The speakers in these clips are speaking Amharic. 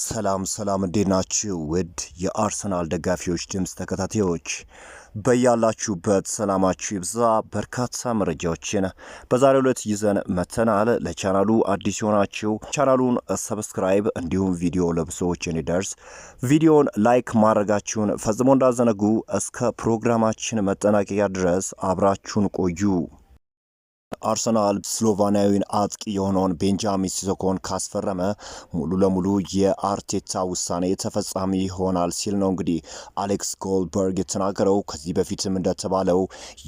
ሰላም ሰላም፣ እንዴት ናችሁ? ውድ የአርሰናል ደጋፊዎች ድምፅ ተከታታዮች በያላችሁበት ሰላማችሁ ይብዛ። በርካታ መረጃዎችን በዛሬው ዕለት ይዘን መተናል። ለቻናሉ አዲስ የሆናችሁ ቻናሉን ሰብስክራይብ፣ እንዲሁም ቪዲዮ ለብዙዎች እንዲደርስ ቪዲዮን ላይክ ማድረጋችሁን ፈጽሞ እንዳዘነጉ። እስከ ፕሮግራማችን መጠናቀቂያ ድረስ አብራችሁን ቆዩ። አርሰናል ስሎቫናዊን አጥቂ የሆነውን ቤንጃሚን ሲሶኮን ካስፈረመ ሙሉ ለሙሉ የአርቴታ ውሳኔ ተፈጻሚ ይሆናል ሲል ነው እንግዲህ አሌክስ ጎልበርግ የተናገረው። ከዚህ በፊትም እንደተባለው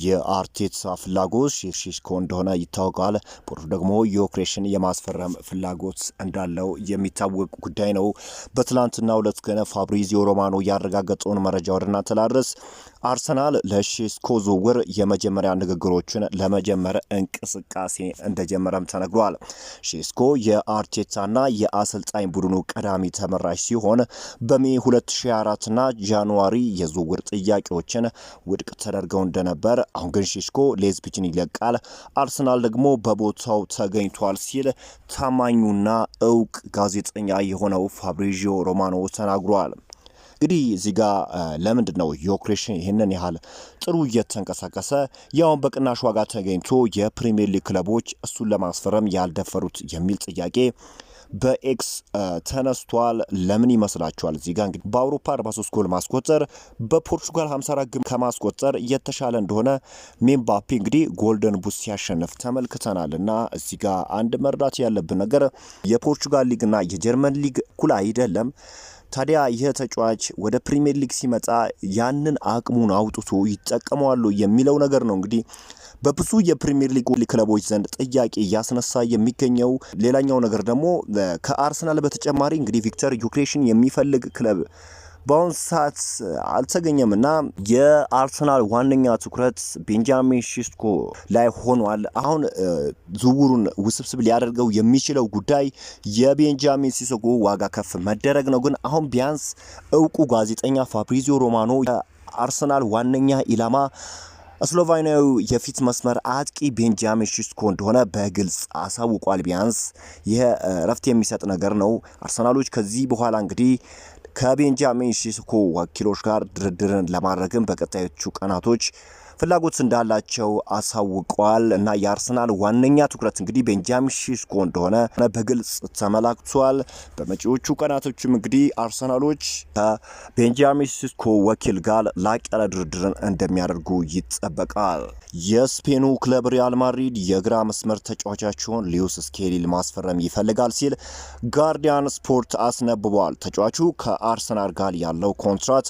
የአርቴታ ፍላጎት ሼሽኮ እንደሆነ ይታወቃል። ቡድኑ ደግሞ ዮክሬሽን የማስፈረም ፍላጎት እንዳለው የሚታወቅ ጉዳይ ነው። በትላንትና ሁለት ግን ፋብሪዚዮ ሮማኖ ያረጋገጠውን መረጃ ወደ እናንተ ላድረስ። አርሰናል ለሼስኮ ዝውውር የመጀመሪያ ንግግሮችን ለመጀመር እንቅ እንቅስቃሴ እንደጀመረም ተነግሯል። ሼስኮ የአርቴታና የአሰልጣኝ ቡድኑ ቀዳሚ ተመራሽ ሲሆን በሜ 2024ና ጃንዋሪ የዝውውር ጥያቄዎችን ውድቅ ተደርገው እንደነበር፣ አሁን ግን ሼስኮ ሌዝቢጅን ይለቃል፣ አርሰናል ደግሞ በቦታው ተገኝቷል ሲል ታማኙና እውቅ ጋዜጠኛ የሆነው ፋብሪዚዮ ሮማኖ ተናግሯል። እንግዲህ እዚህ ጋር ለምንድን ነው ዮክሬሽ ይህንን ያህል ጥሩ እየተንቀሳቀሰ ያውን በቅናሽ ዋጋ ተገኝቶ የፕሪሚየር ሊግ ክለቦች እሱን ለማስፈረም ያልደፈሩት የሚል ጥያቄ በኤክስ ተነስቷል። ለምን ይመስላችኋል? እዚህ ጋር እንግዲህ በአውሮፓ 43 ጎል ማስቆጠር በፖርቱጋል 54 ግብ ከማስቆጠር የተሻለ እንደሆነ ሜምባፔ እንግዲህ ጎልደን ቡት ሲያሸንፍ ተመልክተናል እና እዚህ ጋር አንድ መርዳት ያለብን ነገር የፖርቹጋል ሊግና የጀርመን ሊግ እኩል አይደለም። ታዲያ ይህ ተጫዋች ወደ ፕሪሚየር ሊግ ሲመጣ ያንን አቅሙን አውጥቶ ይጠቀመዋሉ የሚለው ነገር ነው እንግዲህ በብዙ የፕሪሚየር ሊግ ክለቦች ዘንድ ጥያቄ እያስነሳ የሚገኘው። ሌላኛው ነገር ደግሞ ከአርሰናል በተጨማሪ እንግዲህ ቪክተር ዩክሬሽን የሚፈልግ ክለብ በአሁኑ ሰዓት አልተገኘም እና የአርሰናል ዋነኛ ትኩረት ቤንጃሚን ሼስኮ ላይ ሆኗል። አሁን ዝውውሩን ውስብስብ ሊያደርገው የሚችለው ጉዳይ የቤንጃሚን ሴስኮ ዋጋ ከፍ መደረግ ነው። ግን አሁን ቢያንስ እውቁ ጋዜጠኛ ፋብሪዚዮ ሮማኖ የአርሰናል ዋነኛ ኢላማ ስሎቫኒያዊው የፊት መስመር አጥቂ ቤንጃሚን ሺስኮ እንደሆነ በግልጽ አሳውቋል። ቢያንስ ይህ እረፍት የሚሰጥ ነገር ነው። አርሰናሎች ከዚህ በኋላ እንግዲህ ከቤንጃሚን ሲስኮ ወኪሎች ጋር ድርድርን ለማድረግም በቀጣዮቹ ቀናቶች ፍላጎት እንዳላቸው አሳውቀዋል እና የአርሰናል ዋነኛ ትኩረት እንግዲህ ቤንጃሚን ሼስኮ እንደሆነ በግልጽ ተመላክቷል። በመጪዎቹ ቀናቶችም እንግዲህ አርሰናሎች ከቤንጃሚን ሲስኮ ወኪል ጋር ላቅ ያለ ድርድርን እንደሚያደርጉ ይጠበቃል። የስፔኑ ክለብ ሪያል ማድሪድ የግራ መስመር ተጫዋቻቸውን ሊዩስ ስኬሊ ማስፈረም ይፈልጋል ሲል ጋርዲያን ስፖርት አስነብቧል። ተጫዋቹ ከ ከአርሰናል ጋር ያለው ኮንትራት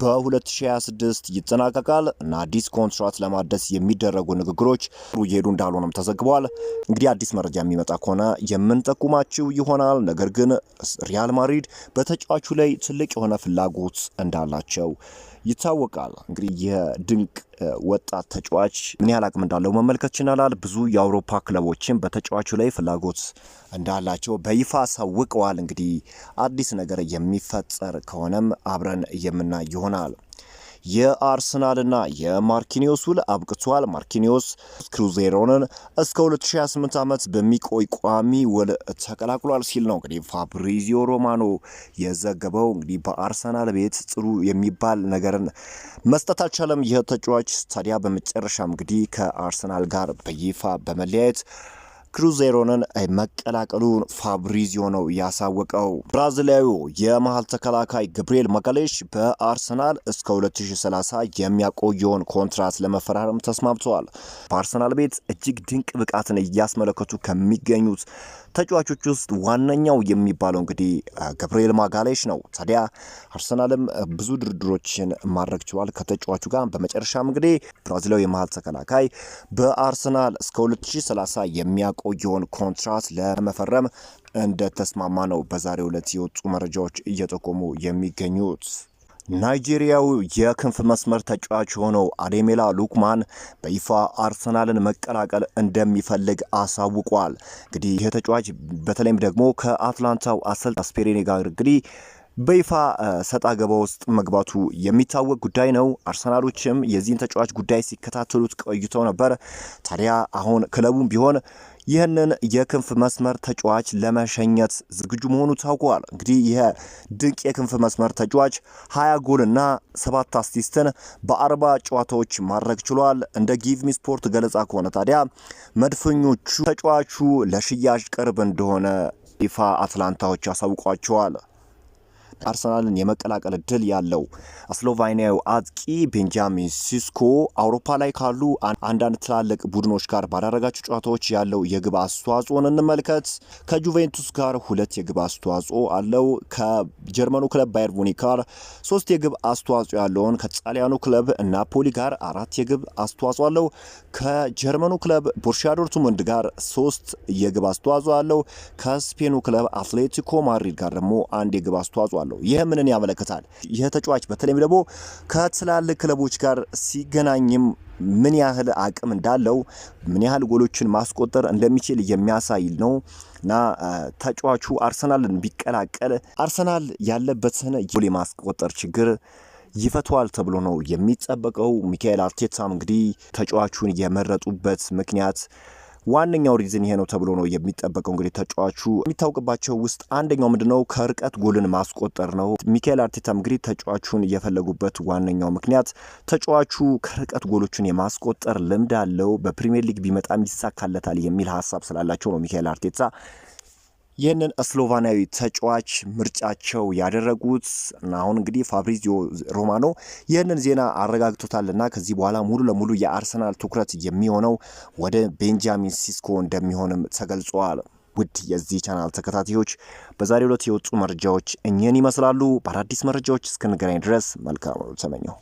በ2026 ይጠናቀቃል እና አዲስ ኮንትራት ለማደስ የሚደረጉ ንግግሮች እየሄዱ እንዳልሆነም ተዘግቧል። እንግዲህ አዲስ መረጃ የሚመጣ ከሆነ የምንጠቁማችሁ ይሆናል። ነገር ግን ሪያል ማድሪድ በተጫዋቹ ላይ ትልቅ የሆነ ፍላጎት እንዳላቸው ይታወቃል። እንግዲህ የድንቅ ወጣት ተጫዋች ምን ያህል አቅም እንዳለው መመልከት ችናላል። ብዙ የአውሮፓ ክለቦችም በተጫዋቹ ላይ ፍላጎት እንዳላቸው በይፋ አሳውቀዋል። እንግዲህ አዲስ ነገር የሚፈጠር ከሆነም አብረን የምናይ ይሆናል። የአርሰናልና የማርኪኒዮስ ውል አብቅቷል። ማርኪኒዮስ ክሩዜሮንን እስከ 2028 ዓመት በሚቆይ ቋሚ ውል ተቀላቅሏል ሲል ነው እንግዲህ ፋብሪዚዮ ሮማኖ የዘገበው። እንግዲህ በአርሰናል ቤት ጥሩ የሚባል ነገርን መስጠት አልቻለም ይህ ተጫዋች። ታዲያ በመጨረሻም እንግዲህ ከአርሰናል ጋር በይፋ በመለያየት ክሩዜሮንን መቀላቀሉን ፋብሪዚዮ ነው ያሳወቀው። ብራዚላዊ የመሀል ተከላካይ ገብርኤል ማጋሌሽ በአርሰናል እስከ 2030 የሚያቆየውን ኮንትራት ለመፈራረም ተስማምተዋል። በአርሰናል ቤት እጅግ ድንቅ ብቃትን እያስመለከቱ ከሚገኙት ተጫዋቾች ውስጥ ዋነኛው የሚባለው እንግዲህ ገብርኤል ማጋሌሽ ነው። ታዲያ አርሰናልም ብዙ ድርድሮችን ማድረግ ችሏል ከተጫዋቹ ጋር። በመጨረሻም እንግዲህ ብራዚላዊ የመሀል ተከላካይ በአርሰናል እስከ 2030 የሚያ የቆየውን ኮንትራት ለመፈረም እንደተስማማ ነው በዛሬው ዕለት የወጡ መረጃዎች እየጠቆሙ የሚገኙት። ናይጄሪያዊ የክንፍ መስመር ተጫዋች የሆነው አዴሜላ ሉክማን በይፋ አርሰናልን መቀላቀል እንደሚፈልግ አሳውቋል። እንግዲህ ይህ ተጫዋች በተለይም ደግሞ ከአትላንታው አሰልጣኝ አስፔሪኒ ጋር እንግዲህ በይፋ ሰጣ ገባ ውስጥ መግባቱ የሚታወቅ ጉዳይ ነው። አርሰናሎችም የዚህን ተጫዋች ጉዳይ ሲከታተሉት ቆይተው ነበር። ታዲያ አሁን ክለቡም ቢሆን ይህንን የክንፍ መስመር ተጫዋች ለመሸኘት ዝግጁ መሆኑ ታውቋል። እንግዲህ ይህ ድንቅ የክንፍ መስመር ተጫዋች ሀያ ጎልና ሰባት አሲስትን በአርባ ጨዋታዎች ማድረግ ችሏል። እንደ ጊቭሚ ስፖርት ገለጻ ከሆነ ታዲያ መድፈኞቹ ተጫዋቹ ለሽያጭ ቅርብ እንደሆነ ይፋ አትላንታዎች አሳውቋቸዋል። አርሰናልን የመቀላቀል እድል ያለው ስሎቫኒያዊ አጥቂ ቤንጃሚን ሲስኮ አውሮፓ ላይ ካሉ አንዳንድ ትላልቅ ቡድኖች ጋር ባደረጋቸው ጨዋታዎች ያለው የግብ አስተዋጽኦን እንመልከት። ከጁቬንቱስ ጋር ሁለት የግብ አስተዋጽኦ አለው። ከጀርመኑ ክለብ ባየር ሙኒክ ጋር ሶስት የግብ አስተዋጽኦ ያለውን ከጣሊያኑ ክለብ ናፖሊ ጋር አራት የግብ አስተዋጽኦ አለው። ከጀርመኑ ክለብ ቦርሻ ዶርትሙንድ ጋር ሶስት የግብ አስተዋጽኦ አለው። ከስፔኑ ክለብ አትሌቲኮ ማድሪድ ጋር ደግሞ አንድ የግብ አስተዋጽኦ አለው። አለው። ይህ ምንን ያመለክታል? ይህ ተጫዋች በተለይም ደግሞ ከትላልቅ ክለቦች ጋር ሲገናኝም ምን ያህል አቅም እንዳለው ምን ያህል ጎሎችን ማስቆጠር እንደሚችል የሚያሳይ ነው እና ተጫዋቹ አርሰናልን ቢቀላቀል አርሰናል ያለበትን ጎል የማስቆጠር ችግር ይፈቷል ተብሎ ነው የሚጠበቀው። ሚካኤል አርቴታም እንግዲህ ተጫዋቹን የመረጡበት ምክንያት ዋነኛው ሪዝን ይሄ ነው ተብሎ ነው የሚጠበቀው። እንግዲህ ተጫዋቹ የሚታወቅባቸው ውስጥ አንደኛው ምንድነው ከርቀት ጎልን ማስቆጠር ነው። ሚካኤል አርቴታ እንግዲህ ተጫዋቹን የፈለጉበት ዋነኛው ምክንያት ተጫዋቹ ከርቀት ጎሎችን የማስቆጠር ልምድ አለው፣ በፕሪሚየር ሊግ ቢመጣም ይሳካለታል የሚል ሀሳብ ስላላቸው ነው ሚካኤል አርቴታ ይህንን ስሎቫናዊ ተጫዋች ምርጫቸው ያደረጉት እና አሁን እንግዲህ ፋብሪዚዮ ሮማኖ ይህንን ዜና አረጋግጦታል እና ከዚህ በኋላ ሙሉ ለሙሉ የአርሰናል ትኩረት የሚሆነው ወደ ቤንጃሚን ሲስኮ እንደሚሆንም ተገልጿል። ውድ የዚህ ቻናል ተከታታዮች በዛሬው ዕለት የወጡ መረጃዎች እኚህን ይመስላሉ። በአዳዲስ መረጃዎች እስክንገናኝ ድረስ መልካም ተመኘው።